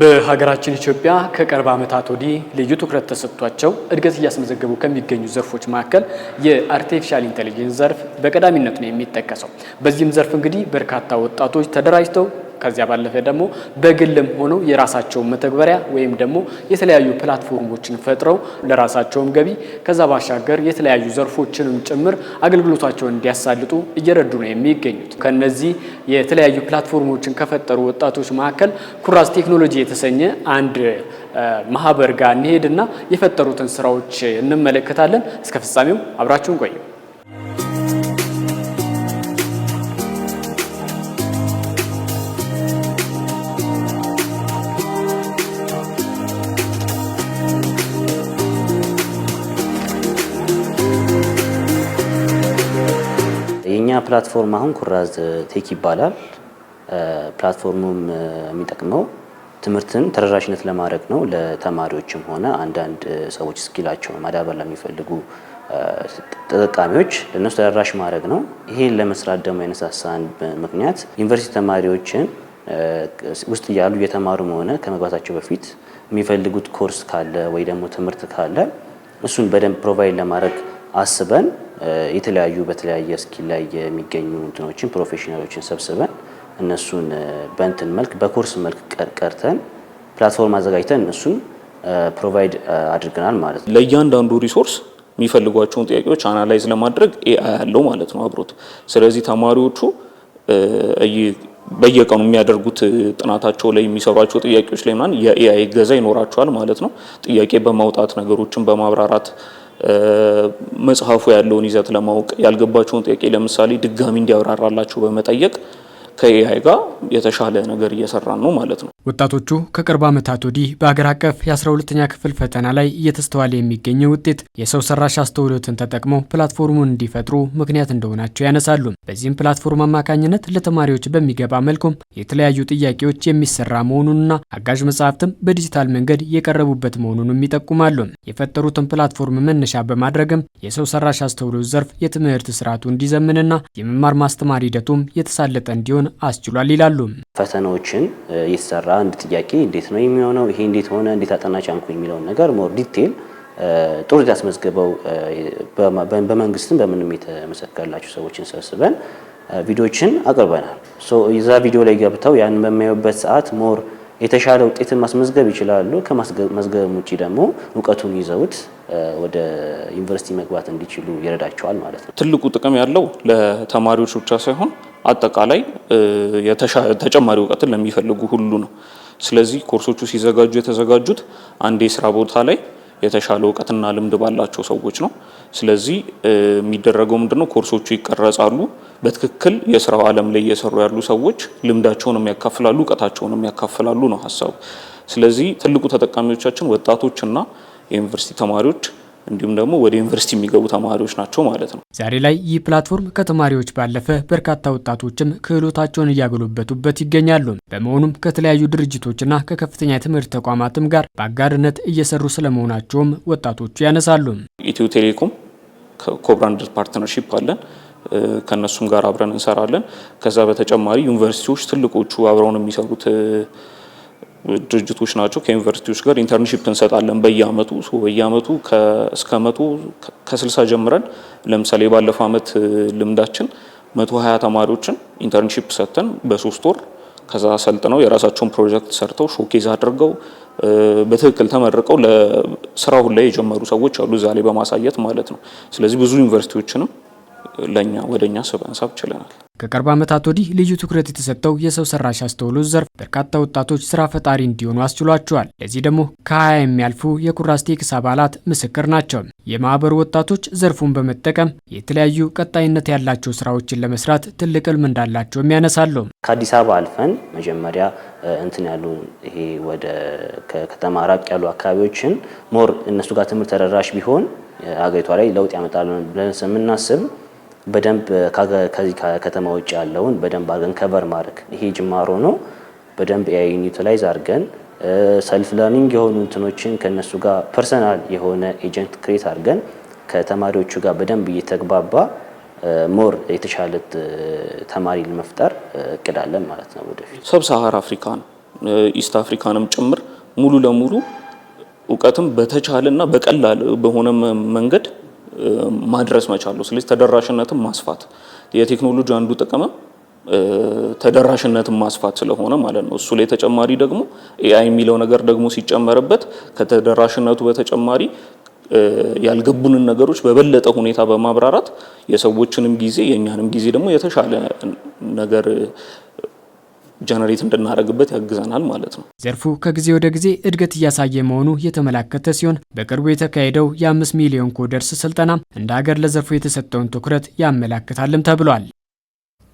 በሀገራችን ኢትዮጵያ ከቅርብ ዓመታት ወዲህ ልዩ ትኩረት ተሰጥቷቸው እድገት እያስመዘገቡ ከሚገኙ ዘርፎች መካከል የአርቲፊሻል ኢንቴሊጀንስ ዘርፍ በቀዳሚነት ነው የሚጠቀሰው። በዚህም ዘርፍ እንግዲህ በርካታ ወጣቶች ተደራጅተው ከዚያ ባለፈ ደግሞ በግልም ሆነው የራሳቸውን መተግበሪያ ወይም ደግሞ የተለያዩ ፕላትፎርሞችን ፈጥረው ለራሳቸውም ገቢ ከዛ ባሻገር የተለያዩ ዘርፎችንም ጭምር አገልግሎታቸውን እንዲያሳልጡ እየረዱ ነው የሚገኙት። ከነዚህ የተለያዩ ፕላትፎርሞችን ከፈጠሩ ወጣቶች መካከል ኩራዝ ቴክኖሎጂ የተሰኘ አንድ ማህበር ጋር እንሄድና የፈጠሩትን ስራዎች እንመለከታለን። እስከ ፍጻሜው አብራችሁን ቆዩ። ፕላትፎርም አሁን ኩራዝ ቴክ ይባላል። ፕላትፎርሙም የሚጠቅመው ትምህርትን ተደራሽነት ለማድረግ ነው። ለተማሪዎችም ሆነ አንዳንድ ሰዎች ስኪላቸውን ማዳበር ለሚፈልጉ ተጠቃሚዎች ለነሱ ተደራሽ ማድረግ ነው። ይሄን ለመስራት ደግሞ የነሳሳን ምክንያት ዩኒቨርሲቲ ተማሪዎችን ውስጥ እያሉ እየተማሩም ሆነ ከመግባታቸው በፊት የሚፈልጉት ኮርስ ካለ ወይ ደግሞ ትምህርት ካለ እሱን በደንብ ፕሮቫይድ ለማድረግ አስበን የተለያዩ በተለያየ ስኪል ላይ የሚገኙ እንትኖችን ፕሮፌሽናሎችን ሰብስበን እነሱን በእንትን መልክ በኮርስ መልክ ቀርተን ፕላትፎርም አዘጋጅተን እነሱን ፕሮቫይድ አድርገናል ማለት ነው። ለእያንዳንዱ ሪሶርስ የሚፈልጓቸውን ጥያቄዎች አናላይዝ ለማድረግ ኤአይ ያለው ማለት ነው አብሮት። ስለዚህ ተማሪዎቹ በየቀኑ የሚያደርጉት ጥናታቸው ላይ የሚሰሯቸው ጥያቄዎች ላይ ምናምን የኤአይ ገዛ ይኖራቸዋል ማለት ነው። ጥያቄ በማውጣት ነገሮችን በማብራራት መጽሐፉ ያለውን ይዘት ለማወቅ ያልገባቸውን ጥያቄ ለምሳሌ ድጋሚ እንዲያብራራላቸው በመጠየቅ ከኤአይ ጋር የተሻለ ነገር እየሰራን ነው ማለት ነው። ወጣቶቹ ከቅርብ ዓመታት ወዲህ በሀገር አቀፍ የ 12 ኛ ክፍል ፈተና ላይ እየተስተዋለ የሚገኘው ውጤት የሰው ሰራሽ አስተውሎትን ተጠቅመው ፕላትፎርሙን እንዲፈጥሩ ምክንያት እንደሆናቸው ያነሳሉ። በዚህም ፕላትፎርም አማካኝነት ለተማሪዎች በሚገባ መልኩም የተለያዩ ጥያቄዎች የሚሰራ መሆኑንና አጋዥ መጽሐፍትም በዲጂታል መንገድ የቀረቡበት መሆኑንም ይጠቁማሉ። የፈጠሩትን ፕላትፎርም መነሻ በማድረግም የሰው ሰራሽ አስተውሎት ዘርፍ የትምህርት ስርዓቱ እንዲዘምንና የመማር ማስተማር ሂደቱም የተሳለጠ እንዲሆን አስችሏል ይላሉ። ፈተናዎችን ይሰራ አንድ ጥያቄ እንዴት ነው የሚሆነው፣ ይሄ እንዴት ሆነ፣ እንዴት አጠናች አንኩ የሚለውን ነገር ሞር ዲቴል ጥሩት ያስመዝገበው በመንግስትም በምንም የተመሰከረላቸው ሰዎችን ሰብስበን ቪዲዮችን አቅርበናል። እዛ ቪዲዮ ላይ ገብተው ያን በሚያዩበት ሰዓት ሞር የተሻለ ውጤትን ማስመዝገብ ይችላሉ። ከማስመዝገብ ውጭ ደግሞ እውቀቱን ይዘውት ወደ ዩኒቨርሲቲ መግባት እንዲችሉ ይረዳቸዋል ማለት ነው። ትልቁ ጥቅም ያለው ለተማሪዎች ብቻ ሳይሆን አጠቃላይ ተጨማሪ እውቀትን ለሚፈልጉ ሁሉ ነው። ስለዚህ ኮርሶቹ ሲዘጋጁ የተዘጋጁት አንድ የስራ ቦታ ላይ የተሻለ እውቀትና ልምድ ባላቸው ሰዎች ነው። ስለዚህ የሚደረገው ምንድነው? ኮርሶቹ ይቀረጻሉ። በትክክል የስራው ዓለም ላይ እየሰሩ ያሉ ሰዎች ልምዳቸውንም ያካፍላሉ፣ እውቀታቸውንም ያካፍላሉ ነው ሀሳቡ። ስለዚህ ትልቁ ተጠቃሚዎቻችን ወጣቶችና የዩኒቨርሲቲ ተማሪዎች እንዲሁም ደግሞ ወደ ዩኒቨርሲቲ የሚገቡ ተማሪዎች ናቸው ማለት ነው። ዛሬ ላይ ይህ ፕላትፎርም ከተማሪዎች ባለፈ በርካታ ወጣቶችም ክህሎታቸውን እያገሉበቱበት ይገኛሉ። በመሆኑም ከተለያዩ ድርጅቶችና ከከፍተኛ የትምህርት ተቋማትም ጋር በአጋርነት እየሰሩ ስለመሆናቸውም ወጣቶቹ ያነሳሉ። ኢትዮ ቴሌኮም ኮብራንድ ፓርትነርሺፕ አለን። ከእነሱም ጋር አብረን እንሰራለን። ከዛ በተጨማሪ ዩኒቨርሲቲዎች ትልቆቹ አብረውን የሚሰሩት ድርጅቶች ናቸው። ከዩኒቨርሲቲዎች ጋር ኢንተርንሺፕ እንሰጣለን በየአመቱ በየአመቱ እስከ መቶ ከስልሳ ጀምረን ለምሳሌ ባለፈው አመት ልምዳችን መቶ ሀያ ተማሪዎችን ኢንተርንሺፕ ሰጥተን በሶስት ወር ከዛ ሰልጥነው የራሳቸውን ፕሮጀክት ሰርተው ሾኬዝ አድርገው በትክክል ተመርቀው ለስራው ላይ የጀመሩ ሰዎች አሉ እዛ ላይ በማሳየት ማለት ነው። ስለዚህ ብዙ ዩኒቨርሲቲዎችንም ለእኛ ወደ እኛ ስበንሳብ ችለናል። ከቅርብ ዓመታት ወዲህ ልዩ ትኩረት የተሰጠው የሰው ሰራሽ አስተውሎት ዘርፍ በርካታ ወጣቶች ስራ ፈጣሪ እንዲሆኑ አስችሏቸዋል። ለዚህ ደግሞ ከ20 የሚያልፉ የኩራዝ ቴክስ አባላት ምስክር ናቸው። የማህበሩ ወጣቶች ዘርፉን በመጠቀም የተለያዩ ቀጣይነት ያላቸው ስራዎችን ለመስራት ትልቅ ህልም እንዳላቸውም ያነሳሉ። ከአዲስ አበባ አልፈን መጀመሪያ እንትን ያሉ ይሄ ወደ ከከተማ ራቅ ያሉ አካባቢዎችን ሞር እነሱ ጋር ትምህርት ተደራሽ ቢሆን አገሪቷ ላይ ለውጥ ያመጣል ብለን ስምናስብ በደንብ ከዚህ ከተማ ውጭ ያለውን በደንብ አድርገን ከቨር ማድረግ ይሄ ጅማሮ ነው። በደንብ ኤአይን ዩቲላይዝ አድርገን ሰልፍ ለርኒንግ የሆኑ እንትኖችን ከእነሱ ጋር ፐርሰናል የሆነ ኤጀንት ክሬት አድርገን ከተማሪዎቹ ጋር በደንብ እየተግባባ ሞር የተሻለ ተማሪ ለመፍጠር እቅዳለን ማለት ነው። ወደፊት ሰብ ሳሃር አፍሪካን ኢስት አፍሪካንም ጭምር ሙሉ ለሙሉ እውቀትም በተቻለ እና በቀላል በሆነ መንገድ ማድረስ መቻሉ። ስለዚህ ተደራሽነትን ማስፋት የቴክኖሎጂ አንዱ ጥቅም ተደራሽነትን ማስፋት ስለሆነ ማለት ነው። እሱ ላይ ተጨማሪ ደግሞ ኤአይ የሚለው ነገር ደግሞ ሲጨመርበት ከተደራሽነቱ በተጨማሪ ያልገቡንን ነገሮች በበለጠ ሁኔታ በማብራራት የሰዎችንም ጊዜ የእኛንም ጊዜ ደግሞ የተሻለ ነገር ጀነሬት እንድናደርግበት ያግዘናል ማለት ነው። ዘርፉ ከጊዜ ወደ ጊዜ እድገት እያሳየ መሆኑ የተመላከተ ሲሆን በቅርቡ የተካሄደው የአምስት ሚሊዮን ኮደርስ ስልጠና እንደ ሀገር ለዘርፉ የተሰጠውን ትኩረት ያመላክታልም ተብሏል።